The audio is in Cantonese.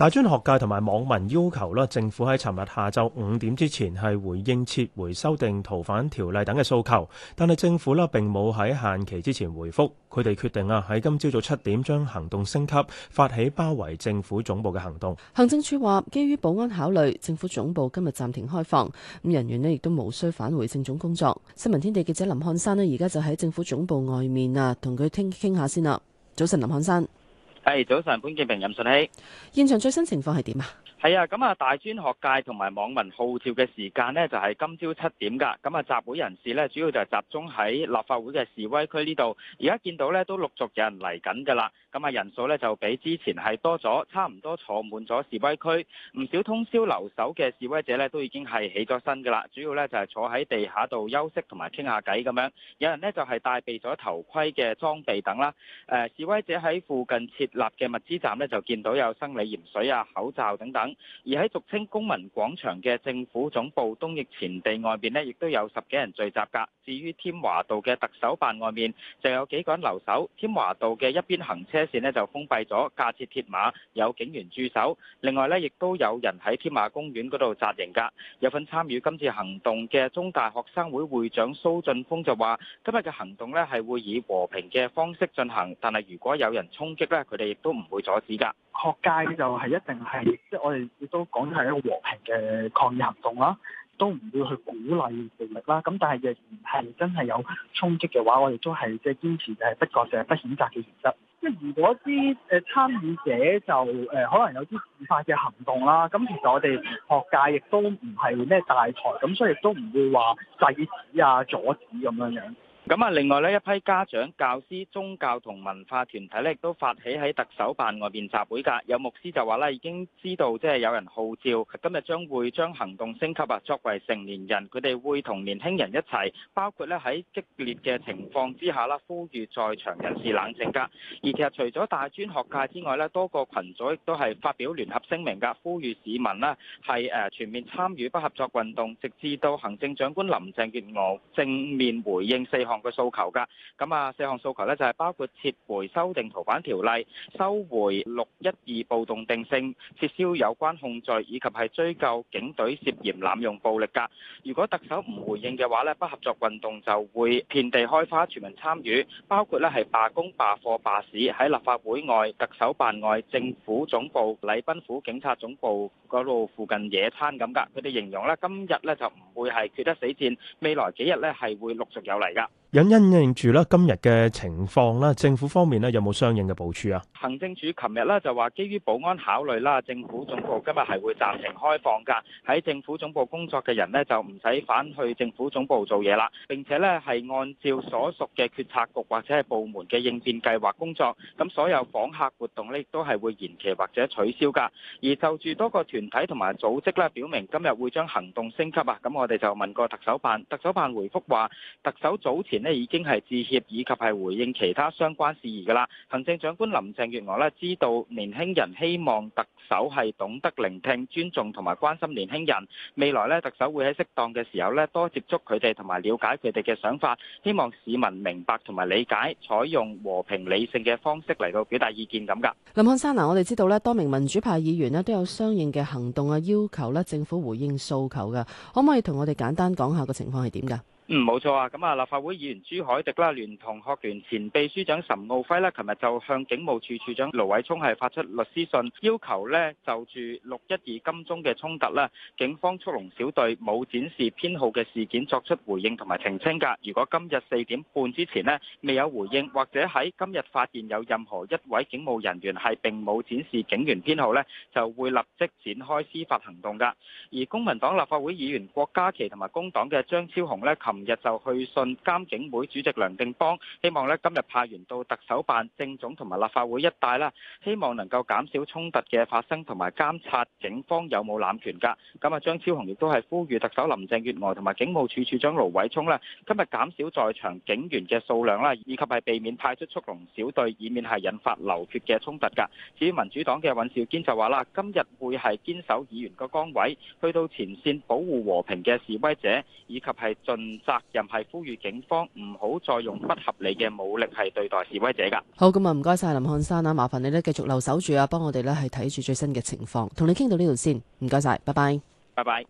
大專學界同埋網民要求啦，政府喺尋日下晝五點之前係回應撤回修訂逃犯條例等嘅訴求，但係政府呢並冇喺限期之前回覆佢哋，決定啊喺今朝早七點將行動升級，發起包圍政府總部嘅行動。行政署話，基於保安考慮，政府總部今日暫停開放，咁人員咧亦都無需返回政總工作。新聞天地記者林漢山呢，而家就喺政府總部外面啊，同佢傾傾下先啦。早晨，林漢山。係，早晨，潘潔平、任順熙，現場最新情況係點啊？係啊，咁啊大專學界同埋網民號召嘅時間呢，就係今朝七點噶。咁啊，集會人士呢，主要就係集中喺立法會嘅示威區呢度。而家見到呢，都陸續有人嚟緊噶啦。咁啊，人數呢，就比之前係多咗，差唔多坐滿咗示威區。唔少通宵留守嘅示威者呢，都已經係起咗身噶啦。主要呢，就係坐喺地下度休息同埋傾下偈咁樣。有人呢，就係帶備咗頭盔嘅裝備等啦、呃。示威者喺附近設立嘅物資站呢，就見到有生理鹽水啊、口罩等等。而喺俗稱公民廣場嘅政府總部東翼前地外邊咧，亦都有十幾人聚集噶。至於添華道嘅特首辦外面，就有幾個人留守。添華道嘅一邊行車線咧就封閉咗，架設鐵馬，有警員駐守。另外咧，亦都有人喺添馬公園嗰度紮營噶。有份參與今次行動嘅中大學生會會長蘇浚鋒就話，今日嘅行動咧係會以和平嘅方式進行，但係如果有人衝擊咧，佢哋亦都唔會阻止噶。學界就係一定係，即係我哋。亦都講咗係一個和平嘅抗議行動啦，都唔會去鼓勵暴力啦。咁但係，若然係真係有衝擊嘅話，我哋都係即係堅持就誒不割席、不譴責嘅原則。即係如果啲誒參與者就誒可能有啲自發嘅行動啦，咁其實我哋學界亦都唔係咩大台，咁所以亦都唔會話制止啊、阻止咁樣樣。咁啊，另外呢一批家長教師宗教同文化團體咧，亦都發起喺特首辦外邊集會噶。有牧師就話咧，已經知道即係有人號召，今日將會將行動升級啊。作為成年人，佢哋會同年輕人一齊，包括咧喺激烈嘅情況之下啦，呼籲在場人士冷靜噶。而其實除咗大專學界之外咧，多個群組亦都係發表聯合聲明噶，呼籲市民咧係誒全面參與不合作運動，直至到行政長官林鄭月娥正面回應四項。嘅訴求噶，咁啊四項訴求咧就係包括撤回修訂逃犯條例、收回六一二暴動定性、撤銷有關控罪，以及係追究警隊涉嫌濫用暴力噶。如果特首唔回應嘅話咧，不合作運動就會遍地開花，全民參與，包括咧係罷工、罷課、罷市，喺立法會外、特首辦外、政府總部、禮賓府、警察總部嗰度附近野餐咁噶。佢哋形容咧，今日咧就唔會係決得死戰，未來幾日咧係會陸續有嚟噶。有因應住啦今日嘅情況啦，政府方面呢，有冇相應嘅部署啊？行政署琴日呢，就話，基於保安考慮啦，政府總部今日係會暫停開放噶。喺政府總部工作嘅人呢，就唔使返去政府總部做嘢啦，並且呢，係按照所屬嘅決策局或者係部門嘅應變計劃工作。咁所有訪客活動呢，亦都係會延期或者取消噶。而就住多個團體同埋組織呢，表明今日會將行動升級啊。咁我哋就問過特首辦，特首辦回覆話，特首早前。咧已經係致歉以及係回應其他相關事宜噶啦。行政長官林鄭月娥呢，知道年輕人希望特首係懂得聆聽、尊重同埋關心年輕人。未來呢，特首會喺適當嘅時候呢多接觸佢哋同埋了解佢哋嘅想法。希望市民明白同埋理解，採用和平理性嘅方式嚟到表達意見咁噶。林漢山，嗱，我哋知道呢多名民主派議員呢都有相應嘅行動啊，要求呢政府回應訴求噶。可唔可以同我哋簡單講下個情況係點噶？嗯，冇錯啊！咁啊，立法會議員朱凱迪啦，聯同學聯前秘書長岑敖輝啦，琴日就向警務處處長盧偉聰係發出律師信，要求咧就住六一二金鐘嘅衝突啦，警方速龍小隊冇展示編號嘅事件作出回應同埋澄清噶，如果今日四點半之前咧未有回應，或者喺今日發現有任何一位警務人員係並冇展示警員編號咧，就會立即展開司法行動噶，而公民黨立法會議員郭家麒同埋工黨嘅張超雄咧，琴日就去信監警會主席梁定邦，希望呢今日派員到特首辦、政總同埋立法會一帶啦，希望能夠減少衝突嘅發生，同埋監察警方有冇濫權噶咁啊，張超雄亦都係呼籲特首林鄭月娥同埋警務處處長盧偉聰啦，今日減少在場警員嘅數量啦，以及係避免派出速龍小隊，以免係引發流血嘅衝突噶至於民主黨嘅尹兆堅就話啦，今日會係堅守議員個崗位，去到前線保護和平嘅示威者，以及係盡。責任係呼籲警方唔好再用不合理嘅武力係對待示威者噶好，咁啊，唔該晒林漢山啊，麻煩你咧繼續留守住啊，幫我哋咧係睇住最新嘅情況，同你傾到呢度先。唔該晒，拜拜，拜拜。